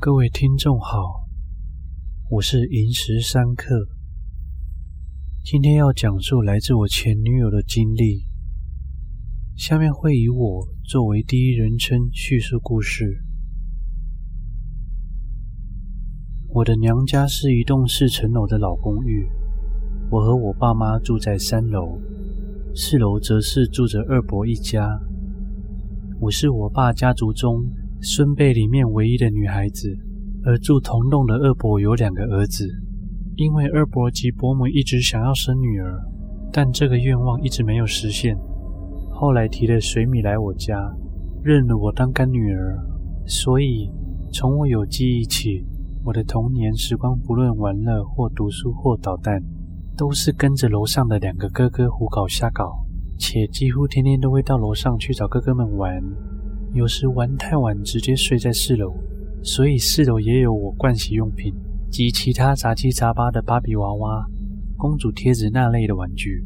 各位聽眾好，我是寅時三刻。今天要講述來自我前女友的經歷。下面會以我作為第一人稱敘述故事。我的娘家是一棟四層樓的老公寓，我和我爸媽住在三樓，四樓則是住着二伯一家。我是我爸家族中，孫輩裡面唯一的女孩子，而住同棟的二伯有兩個兒子，因為二伯及伯母一直想要生女兒，但這個願望一直沒有實現。後來提了水米來我家，認了我當乾女兒，所以從我有記憶起，我的童年時光不論玩樂或讀書或搗蛋，都是跟着樓上的兩個哥哥胡搞瞎搞，且幾乎天天都會到樓上去找哥哥們玩。有時玩太晚，直接睡在四樓，所以四樓也有我盥洗用品及其他雜七雜八的芭比娃娃、公主貼紙那類的玩具。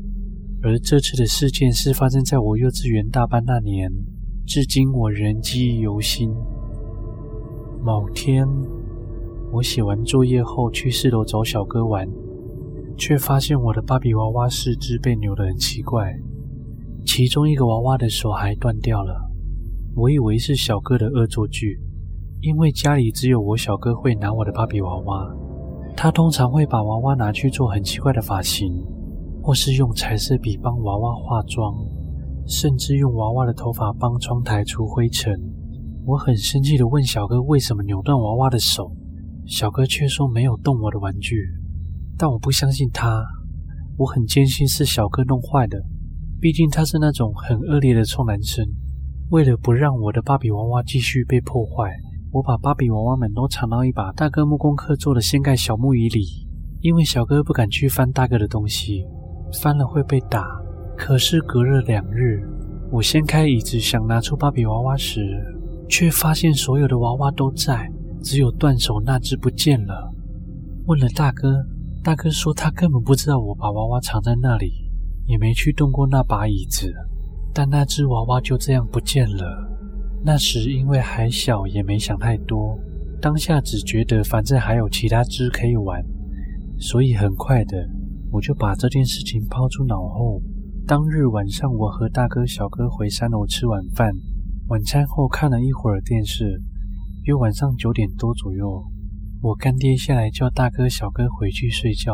而這次的事件是發生在我幼稚園大班那年，至今我仍記憶猶新。某天，我寫完作業後去四樓找小哥玩，卻發現我的芭比娃娃四肢被扭得很奇怪，其中一個娃娃的手還斷掉了。我以為是小哥的惡作劇，因為家裡只有我小哥會拿我的芭比娃娃，他通常會把娃娃拿去做很奇怪的髮型，或是用彩色筆幫娃娃化妝，甚至用娃娃的頭髮幫窗台除灰塵。我很生氣地問小哥為什麼扭斷娃娃的手，小哥卻說沒有動我的玩具，但我不相信他，我很堅信是小哥弄壞的，畢竟他是那種很惡劣的臭男生。為了不讓我的芭比娃娃繼續被破壞，我把芭比娃娃們都藏到一把大哥木工課做的掀蓋小木椅裡。因為小哥不敢去翻大哥的東西，翻了會被打。可是隔了兩日，我掀開椅子想拿出芭比娃娃時，卻發現所有的娃娃都在，只有斷手那隻不見了。問了大哥，大哥說他根本不知道我把娃娃藏在那裡，也沒去動過那把椅子。但那隻娃娃就這樣不見了。那時因為還小，也沒想太多，當下只覺得反正還有其他隻可以玩，所以很快的我就把這件事情拋諸腦後。當日晚上，我和大哥、小哥回三樓吃晚飯，晚餐後看了一會兒電視。約晚上九點多左右，我乾爹下來叫大哥、小哥回去睡覺，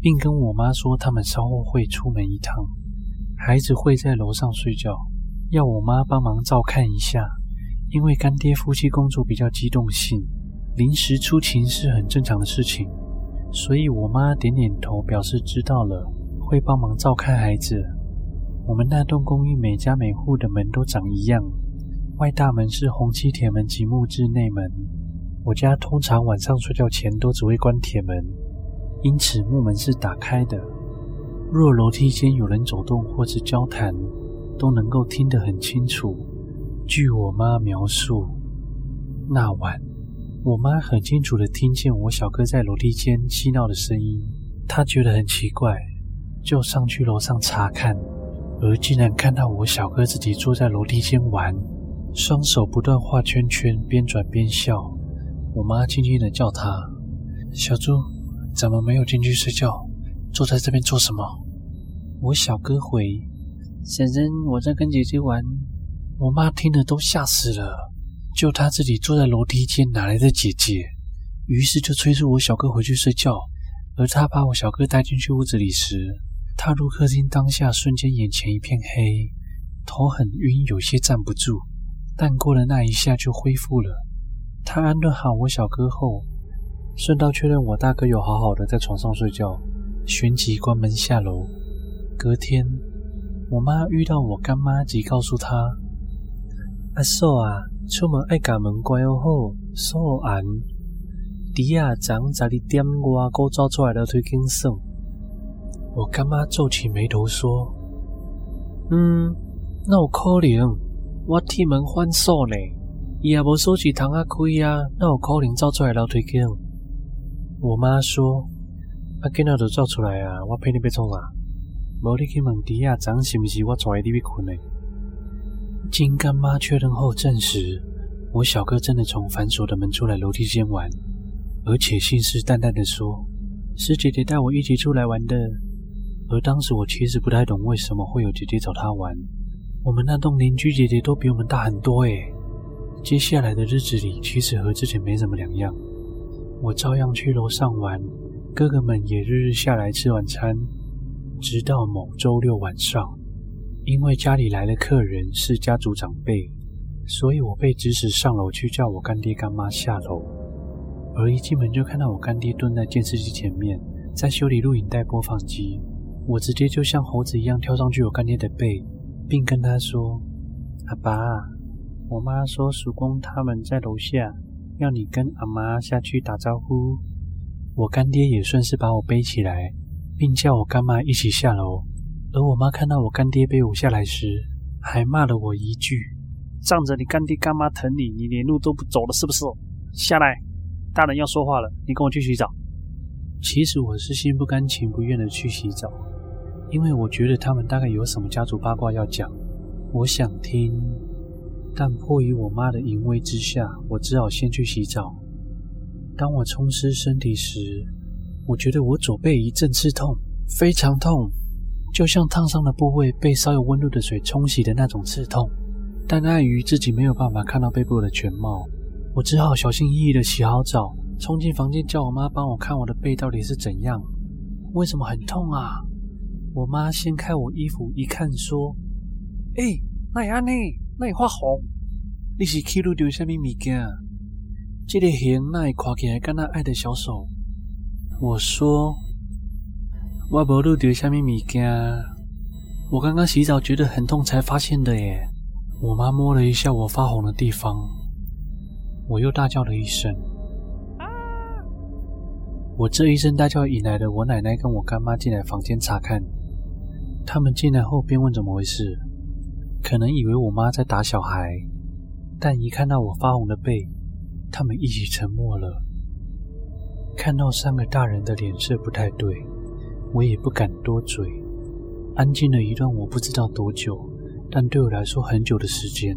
並跟我媽說他們稍後會出門一趟。孩子會在樓上睡覺，要我媽幫忙照看一下。因為乾爹夫妻工作比較機動性，臨時出勤是很正常的事情，所以我媽點點頭表示知道了，會幫忙照看孩子。我們那棟公寓每家每戶的門都長一樣，外大門是紅漆鐵門及木質內門。我家通常晚上睡覺前都只會關鐵門，因此木門是打開的。若樓梯間有人走動或是交談，都能夠聽得很清楚。據我媽描述，那晚我媽很清楚地聽見我小哥在樓梯間嬉鬧的聲音，她覺得很奇怪，就上去樓上查看，而竟然看到我小哥自己坐在樓梯間玩，雙手不斷畫圈圈，邊轉邊笑。我媽輕輕地叫他：“小豬，怎麼沒有進去睡覺？”坐在這邊做什麼？我小哥回，嬸嬸，我在跟姐姐玩。我媽聽了都嚇死了，就她自己坐在樓梯間，哪來的姐姐？於是就催促我小哥回去睡覺。而她把我小哥帶進去屋子裡時，踏入客廳當下，瞬間眼前一片黑，頭很暈，有些站不住，但過了那一下就恢復了。她安頓好我小哥後，順道確認我大哥有好好的在床上睡覺。旋即關門下樓。隔天，我媽遇到我乾媽，即告訴她：“阿嫂啊，出門愛甲門關好鎖嚴，底下昨十二點外古走出來樓梯間。”我乾媽皺起眉頭說：“嗯，哪有可能？我鐵門反鎖呢，伊也無鎖匙通啊開啊，哪有可能走出來樓梯間？”我媽說。阿囡仔就走出來啊！我陪你去做啥？無你去問弟啊，昨是毋是我帶伊去去困的？經乾媽確認後證實，我小哥真的從反鎖的門出來樓梯間玩，而且信誓旦旦的說，是姐姐帶我一起出來玩的。而當時我其實不太懂為什麼會有姐姐找他玩，我們那棟鄰居姐姐都比我們大很多誒。接下來的日子裡，其實和之前沒什麼兩樣，我照樣去樓上玩。哥哥們也日日下來吃晚餐，直到某周六晚上，因為家裡來了客人，是家族長輩，所以我被指使上樓去叫我乾爹乾媽下樓。而一進門就看到我干爹蹲在電視機前面，在修理錄影帶播放機。我直接就像猴子一樣跳上去我乾爹的背，並跟他說：“阿爸，我媽說叔公他們在樓下，要你跟阿媽下去打招呼。”我乾爹也算是把我背起來，並叫我乾媽一起下樓。而我媽看到我乾爹背我下來時，還罵了我一句：“仗着你乾爹乾媽疼你，你連路都不走了，是不是？”下來，大人要說話了，你跟我去洗澡。其實我是心不甘情不願的去洗澡，因為我覺得他們大概有什麼家族八卦要講，我想聽。但迫於我媽的淫威之下，我只好先去洗澡。當我沖濕身體時，我覺得我左背一陣刺痛，非常痛，就像燙傷的部位被稍有溫度的水沖洗的那種刺痛。但礙於自己沒有辦法看到背部的全貌，我只好小心翼翼地洗好澡，沖進房間叫我媽幫我看我的背到底是怎樣，為什麼很痛啊？我媽掀開我衣服一看，說：“哎、欸，那裡安內，那裡發紅，你是去路丟什麼東西啊這個形，那會看起來敢若愛的小手。我說，我無汝丟蝦米物件。我剛剛洗澡覺得很痛，才發現的耶。我媽摸了一下我發紅的地方，我又大叫了一聲。我這一聲大叫引來了我奶奶跟我乾媽進來房間查看。他們進來後便問怎麼回事，可能以為我媽在打小孩，但一看到我發紅的背。他們一起沉默了。看到三個大人的臉色不太對，我也不敢多嘴。安靜了一段我不知道多久，但對我來說很久的時間。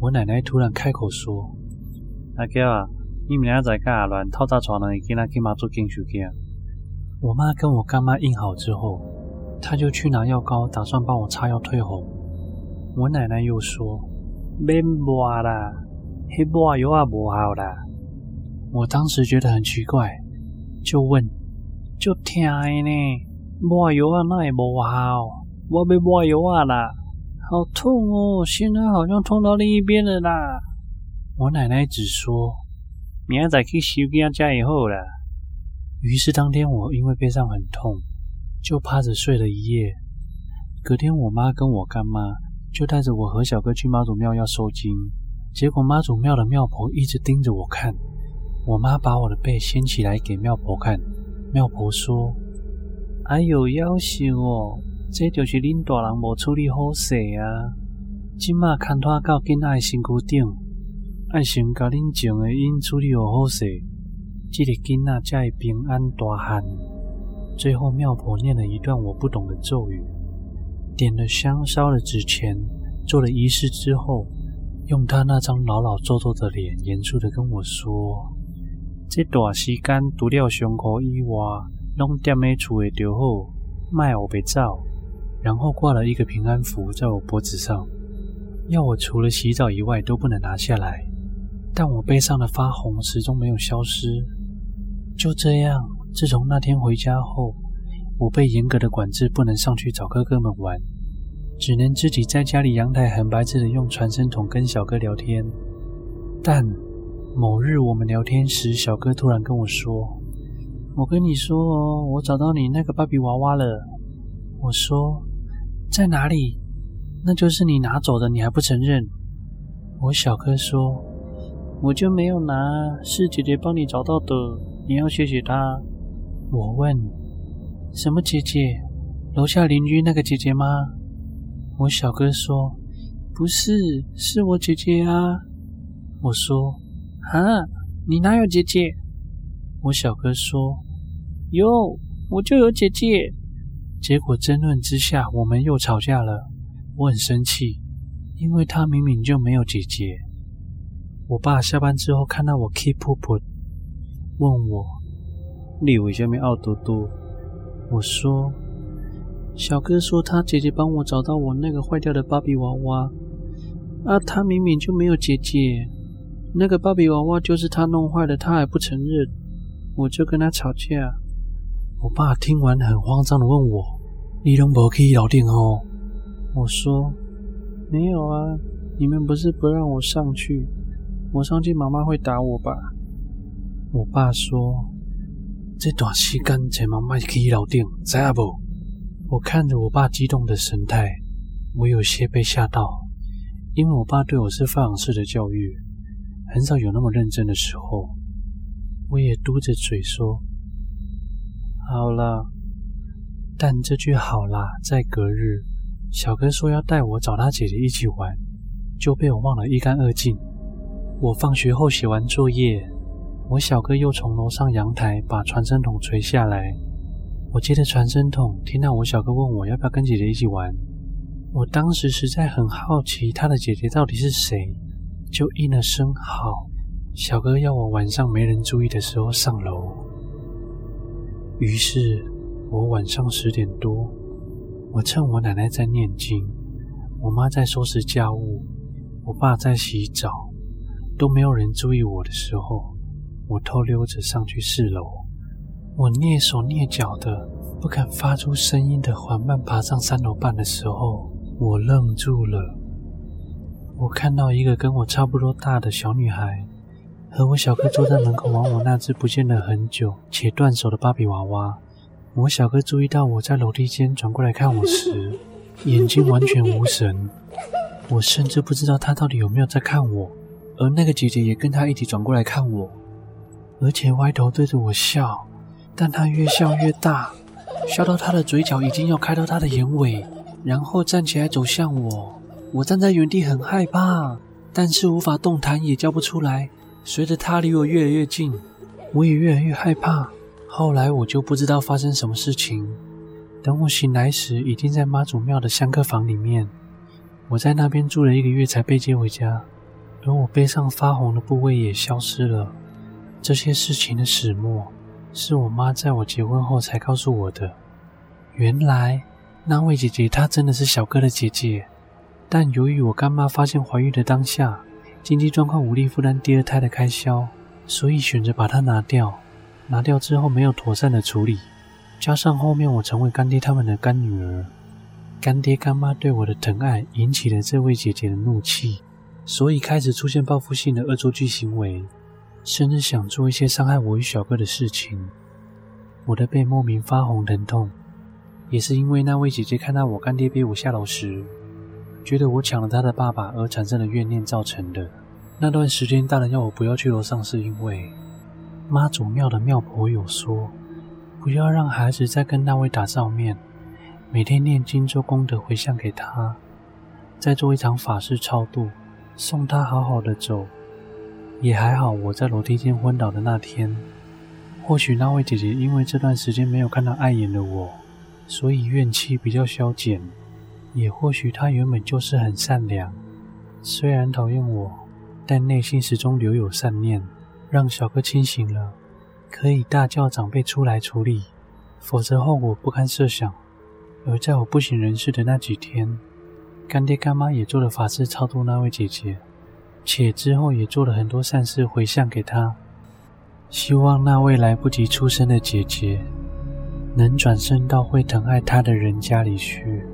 我奶奶突然開口說：“阿嬌啊，你們倆在幹嘛亂套大床呢，去拿給媽做進水去。”我媽跟我乾媽應好之後，她就去拿藥膏，打算幫我擦藥退紅。我奶奶又說：“變熱啦。”嘿，抹油啊不好啦！我當時覺得很奇怪，就問，就天的呢，抹油啊那也不好，我被抹油啊啦，好痛哦，現在好像痛到另一邊了啦。我奶奶只說，明天再去收驚才會好啦。於是當天我因為背上很痛，就趴着睡了一夜。隔天我媽跟我乾媽就帶着我和小哥去媽祖廟要收驚，結果媽祖廟的廟婆一直盯着我看，我媽把我的背掀起來給廟婆看。廟婆說：“哎呦，夭壽哦，這就是恁大人無處理好事啊，今麥牽拖到囡仔的身軀上。俺想把恁前的因處理好好些，這個囡仔才會平安大漢。”最後，廟婆念了一段我不懂的咒語，點了香，燒了紙錢，做了儀式之後。用他那張老老皺皺的臉，嚴肅地跟我說：“這段時間除掉胸口以外，攏在厝裡頭就好，賣我被罩，然後掛了一個平安符在我脖子上，要我除了洗澡以外都不能拿下來。”但我背上的發紅始終沒有消失。就這樣，自從那天回家後，我被嚴格的管制，不能上去找哥哥們玩。只能自己在家裡陽台，很白痴的用傳聲筒跟小哥聊天。但某日我們聊天時，小哥突然跟我說：“我跟你說哦，我找到你那個芭比娃娃了。”我說：“在哪裡？”“那就是你拿走的，你還不承認？”我小哥說：“我就沒有拿，是姐姐幫你找到的，你要謝謝她。”我問：“什麼姐姐？樓下鄰居那個姐姐嗎？”我小哥說：“不是，是我姐姐啊。”我說：“啊，你哪有姐姐？”我小哥說：“有，我就有姐姐。”結果爭論之下，我們又吵架了。我很生氣，因為他明明就沒有姐姐。我爸下班之後看到我氣噗噗，問我：“你偉下面奧嘟嘟？”我說。小哥說他姐姐幫我找到我那個壞掉的芭比娃娃，啊，他明明就沒有姐姐，那個芭比娃娃就是他弄壞的，他還不承認，我就跟他吵架。我爸聽完很慌張地問我：“你攏無去樓頂哦？”我說：“沒有啊，你們不是不讓我上去，我上去媽媽會打我吧？”我爸說：“這段時間千萬莫去樓頂，知阿不？”我看着我爸激動的神態，我有些被嚇到，因為我爸對我是放養式的教育，很少有那麼認真的時候。我也嘟着嘴說：“好了。”但這句“好啦”在隔日，小哥說要帶我找他姐姐一起玩，就被我忘得一乾二淨。我放學後寫完作業，我小哥又從樓上陽台把傳聲筒垂下來。我接着傳聲筒，聽到我小哥問我要不要跟姐姐一起玩。我當時實在很好奇他的姐姐到底是誰，就應了聲好。小哥要我晚上沒人注意的時候上樓。於是我晚上十點多，我趁我奶奶在念經，我媽在收拾家務，我爸在洗澡，都沒有人注意我的時候，我偷溜着上去四樓。我躡手躡腳的，不敢發出聲音的緩慢爬上三樓半的時候，我愣住了。我看到一個跟我差不多大的小女孩和我小哥坐在門口玩我那隻不見了很久且斷手的芭比娃娃。我小哥注意到我在樓梯間轉過來看我時，眼睛完全無神。我甚至不知道他到底有沒有在看我，而那個姐姐也跟他一起轉過來看我，而且歪頭對着我笑。但她越笑越大，笑到她的嘴角已經要開到她的眼尾，然後站起來走向我。我站在原地很害怕，但是無法動彈，也叫不出來。隨着她離我越來越近，我也越來越害怕。後來我就不知道發生什麼事情。等我醒來時，已經在媽祖廟的香客房裡面。我在那邊住了一個月才被接回家，而我背上發紅的部位也消失了。這些事情的始末。是我媽在我結婚後才告訴我的。原來那位姐姐，她真的是小哥的姐姐，但由於我乾媽發現懷孕的當下，經濟狀況無力負擔第二胎的開銷，所以選擇把她拿掉。拿掉之後沒有妥善的處理，加上後面我成為乾爹他們的乾女兒，乾爹乾媽對我的疼愛引起了這位姐姐的怒氣，所以開始出現報復性的惡作劇行為。甚至想做一些傷害我與小哥的事情。我的背莫名發紅疼痛，也是因為那位姐姐看到我干爹背我下樓時，覺得我搶了他的爸爸而產生的怨念造成的。那段時間，大人要我不要去樓上，是因為媽祖廟的廟婆有說，不要讓孩子再跟那位打照面，每天念經做功德回向給他，再做一場法事超度，送他好好的走。也還好，我在樓梯間昏倒的那天，或許那位姐姐因為這段時間沒有看到礙眼的我，所以怨氣比較消減；也或許她原本就是很善良，雖然討厭我，但內心始終留有善念，讓小哥清醒了，可以大叫長輩出來處理，否則後果不堪設想。而在我不省人事的那幾天，乾爹乾媽也做了法事超度那位姐姐。且之後也做了很多善事回向給他，希望那位來不及出生的姐姐能轉生到會疼愛她的人家裡去。